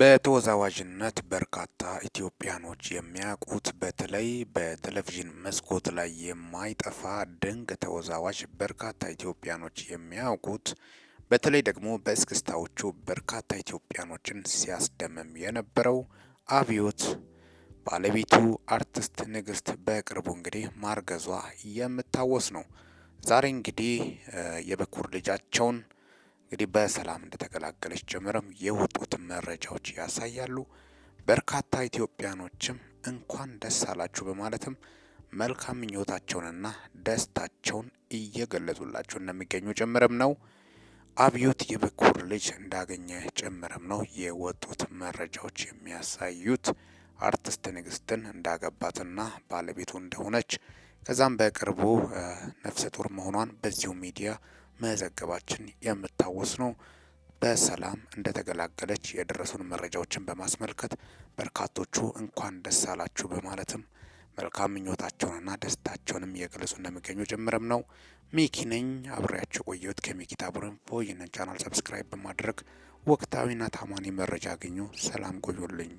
በተወዛዋዥነት በርካታ ኢትዮጵያኖች የሚያውቁት በተለይ በቴሌቪዥን መስኮት ላይ የማይጠፋ ድንቅ ተወዛዋዥ በርካታ ኢትዮጵያኖች የሚያውቁት በተለይ ደግሞ በእስክስታዎቹ በርካታ ኢትዮጵያኖችን ሲያስደምም የነበረው አብዮት ባለቤቱ አርቲስት ንግስት በቅርቡ እንግዲህ ማርገዟ የምታወስ ነው። ዛሬ እንግዲህ የበኩር ልጃቸውን እንግዲህ በሰላም እንደተቀላቀለች ጭምርም የወጡትን መረጃዎች ያሳያሉ። በርካታ ኢትዮጵያኖችም እንኳን ደስ አላችሁ በማለትም መልካም ምኞታቸውንና ደስታቸውን እየገለጹላችሁ እንደሚገኙ ጭምርም ነው። አብዮት የበኩር ልጅ እንዳገኘ ጭምርም ነው የወጡት መረጃዎች የሚያሳዩት። አርቲስት ንግስትን እንዳገባትና ባለቤቱ እንደሆነች ከዛም በቅርቡ ነፍሰ ጡር መሆኗን በዚሁ ሚዲያ መዘገባችን የምታወስ ነው። በሰላም እንደተገላገለች የደረሱን መረጃዎችን በማስመልከት በርካቶቹ እንኳን ደስ አላችሁ በማለትም መልካም ምኞታቸውንና ደስታቸውንም እየገለጹ እንደሚገኙ ጀምረም ነው። ሚኪ ነኝ አብሬያቸው ቆየሁት። ከሚኪ ታቡር ኢንፎ ይህንን ቻናል ሰብስክራይብ በማድረግ ወቅታዊና ታማኒ መረጃ አገኙ። ሰላም ቆዩልኝ።